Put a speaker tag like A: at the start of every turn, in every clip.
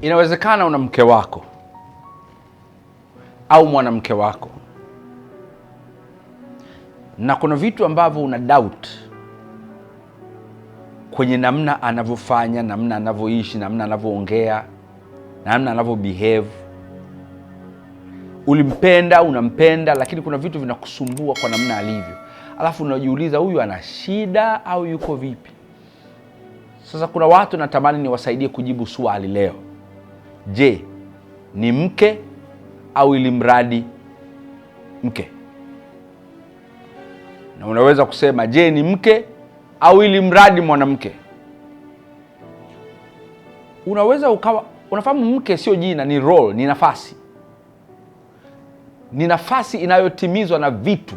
A: Inawezekana una mke wako au mwanamke wako, na kuna vitu ambavyo una doubt kwenye namna anavyofanya, namna anavyoishi, namna anavyoongea, namna anavyo behave. Ulimpenda, unampenda, lakini kuna vitu vinakusumbua kwa namna alivyo, alafu unajiuliza huyu ana shida au yuko vipi? Sasa kuna watu natamani niwasaidie kujibu swali leo. Je, ni mke au ili mradi mke? Na unaweza kusema je, ni mke au ili mradi mwanamke? Unaweza ukawa unafahamu, mke sio jina, ni role, ni nafasi, ni nafasi inayotimizwa na vitu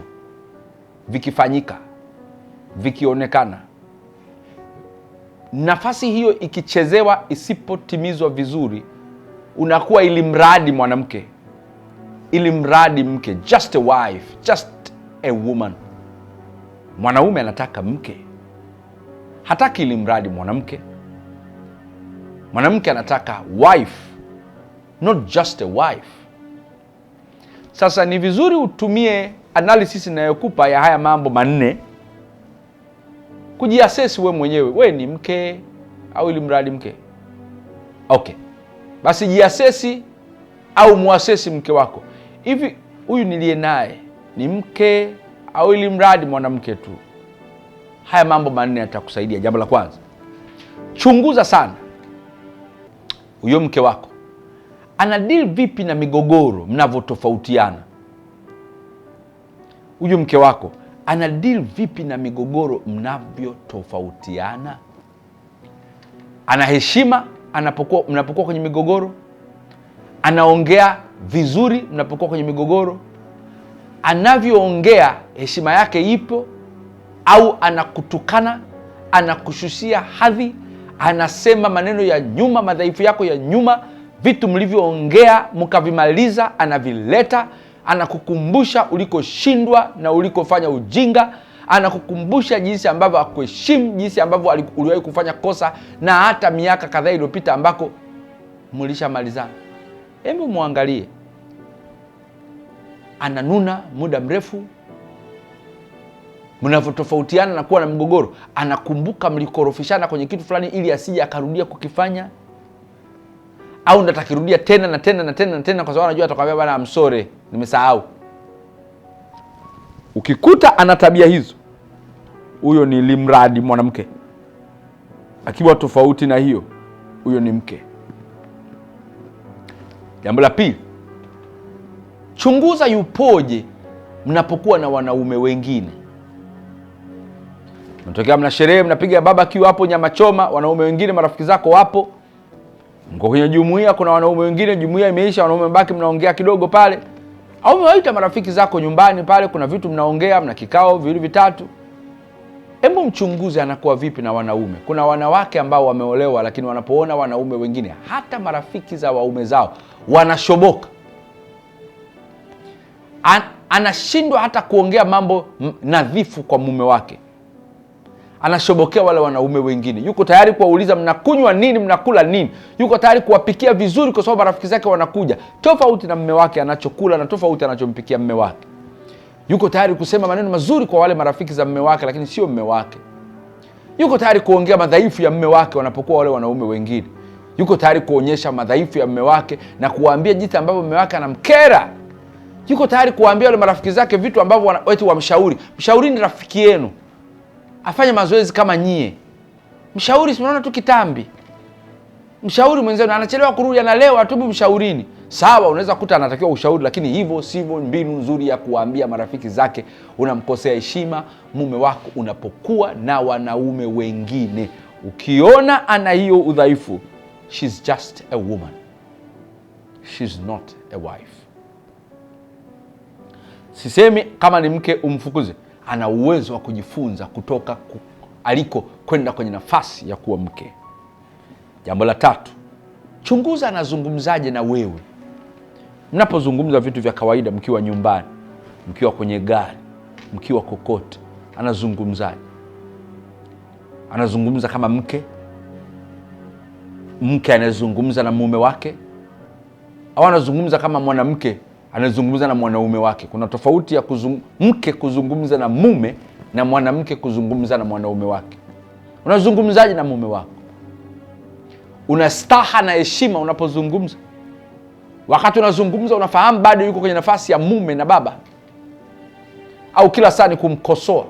A: vikifanyika, vikionekana. Nafasi hiyo ikichezewa, isipotimizwa vizuri unakuwa ili mradi mwanamke, ili mradi mke, just a wife, just a woman. Mwanaume anataka mke, hataki ili mradi mwanamke. Mwanamke anataka wife, not just a wife. Sasa ni vizuri utumie analysis inayokupa ya haya mambo manne kujiasesi we mwenyewe, we ni mke au ili mradi mke? Okay. Basi jiasesi au mwasesi mke wako, hivi huyu niliye naye ni mke au ili mradi mwanamke tu? Haya mambo manne yatakusaidia. Jambo la kwanza, chunguza sana huyo mke wako ana deal vipi na migogoro mnavyotofautiana. Huyo mke wako ana deal vipi na migogoro mnavyotofautiana? Ana heshima anapokuwa mnapokuwa kwenye migogoro, anaongea vizuri mnapokuwa kwenye migogoro, anavyoongea heshima yake ipo au anakutukana, anakushushia hadhi, anasema maneno ya nyuma, madhaifu yako ya nyuma, vitu mlivyoongea mkavimaliza, anavileta, anakukumbusha ulikoshindwa na ulikofanya ujinga anakukumbusha jinsi ambavyo akuheshimu, jinsi ambavyo uliwahi kufanya kosa na hata miaka kadhaa iliyopita ambako mlishamalizana. Hebu mwangalie, ananuna muda mrefu, mnavyotofautiana na kuwa na mgogoro, anakumbuka mlikorofishana kwenye kitu fulani, ili asije akarudia kukifanya au ndatakirudia tena na tena na tena na tena, kwa sababu anajua atakwambia bana amsore, nimesahau Ukikuta ana tabia hizo, huyo ni limradi mwanamke. Akiwa tofauti na hiyo, huyo ni mke. Jambo la pili, chunguza yupoje mnapokuwa na wanaume wengine. Mnatokea mna sherehe, mnapiga barbecue, hapo nyama choma, wanaume wengine marafiki zako wapo, mko kwenye jumuia kuna wanaume wengine, jumuia imeisha, wanaume mbaki, mnaongea kidogo pale au umewaita marafiki zako nyumbani pale, kuna vitu mnaongea, mna kikao viwili vitatu, hebu mchunguze anakuwa vipi na wanaume. Kuna wanawake ambao wameolewa, lakini wanapoona wanaume wengine, hata marafiki za waume zao, wanashoboka anashindwa hata kuongea mambo nadhifu kwa mume wake anashobokea wale wanaume wengine, yuko tayari kuwauliza mnakunywa nini, mnakula nini, yuko tayari kuwapikia vizuri, kwa sababu marafiki zake wanakuja, tofauti na mme wake anachokula na tofauti anachompikia mme wake. Yuko tayari kusema maneno mazuri kwa wale marafiki za mme wake, lakini sio mme wake. Yuko tayari kuongea madhaifu ya mme wake wanapokuwa wale wanaume wengine. Yuko tayari kuonyesha madhaifu ya mme wake na kuwaambia jinsi ambavyo mme wake anamkera. Yuko tayari kuwaambia wale marafiki zake vitu ambavyo eti wamshauri, mshaurini rafiki yenu afanye mazoezi kama nyie. Mshauri simnaona tu kitambi, mshauri mwenzenu anachelewa kurudi, analewa tu, mshaurini. Sawa, unaweza kuta anatakiwa ushauri, lakini hivyo sivyo mbinu nzuri ya kuwaambia marafiki zake. Unamkosea heshima mume wako unapokuwa na wanaume wengine. Ukiona ana hiyo udhaifu, she's just a woman, she's not a wife. Sisemi kama ni mke umfukuze ana uwezo wa kujifunza kutoka ku, aliko kwenda kwenye nafasi ya kuwa mke. Jambo la tatu, chunguza anazungumzaje na wewe mnapozungumza vitu vya kawaida, mkiwa nyumbani, mkiwa kwenye gari, mkiwa kokote, anazungumzaje? Anazungumza kama mke, mke anayezungumza na mume wake, au anazungumza kama mwanamke anazungumza na mwanaume wake. Kuna tofauti ya kuzung... mke kuzungumza na mume na mwanamke kuzungumza na mwanaume wake. Unazungumzaje na mume wako? Una staha na heshima unapozungumza? Wakati unazungumza unafahamu bado yuko kwenye nafasi ya mume na baba, au kila saa ni kumkosoa,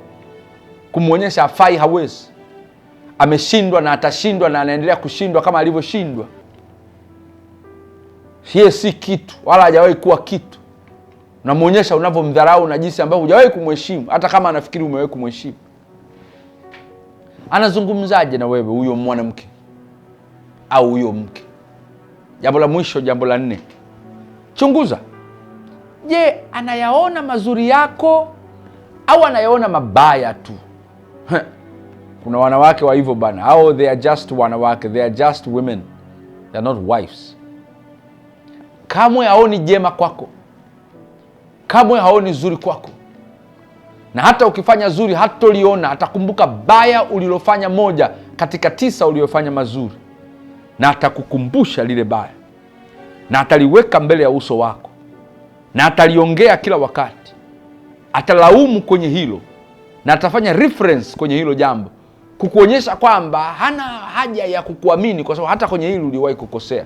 A: kumwonyesha afai, hawezi, ameshindwa na atashindwa na anaendelea kushindwa kama alivyoshindwa? Yeye si kitu wala hajawahi kuwa kitu. Unamwonyesha unavyomdharau na jinsi ambavyo hujawahi kumheshimu, hata kama anafikiri umewahi kumheshimu. Anazungumzaje na wewe huyo mwanamke au huyo mke? Jambo la mwisho, jambo la nne, chunguza. Je, anayaona mazuri yako au anayaona mabaya tu? Kuna wanawake wa hivyo bana, au they are just wanawake, they are just women, they are not wives kamwe haoni jema kwako, kamwe haoni zuri kwako, na hata ukifanya zuri hatoliona. Atakumbuka baya ulilofanya moja katika tisa uliofanya mazuri, na atakukumbusha lile baya, na ataliweka mbele ya uso wako, na ataliongea kila wakati, atalaumu kwenye hilo, na atafanya reference kwenye hilo jambo kukuonyesha kwamba hana haja ya kukuamini kwa sababu hata kwenye hili uliwahi kukosea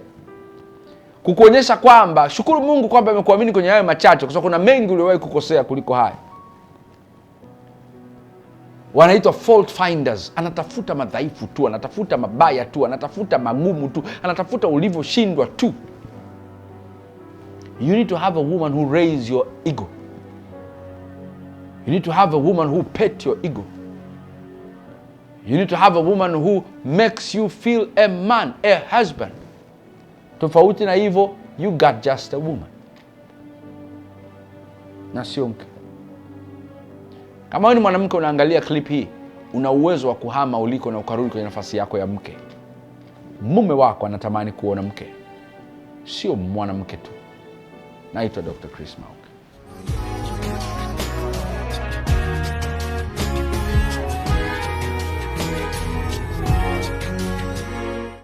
A: kukuonyesha kwamba shukuru Mungu kwamba amekuamini kwenye hayo machache, kwa sababu kuna mengi uliowahi kukosea kuliko haya. Wanaitwa fault finders. Anatafuta madhaifu tu, anatafuta mabaya tu, anatafuta magumu tu, anatafuta ulivyoshindwa tu. You need to have a woman who raise your ego. You need to have a woman who pet your ego. You need to have a woman who makes you feel a man, a husband. Tofauti na hivyo, you got just a woman na sio mke. Kama wewe ni mwanamke unaangalia clip hii, una uwezo wa kuhama uliko na ukarudi kwenye nafasi yako ya mke. Mume wako anatamani kuona mke, sio mwanamke tu. Naitwa Dr. Chris Mauki.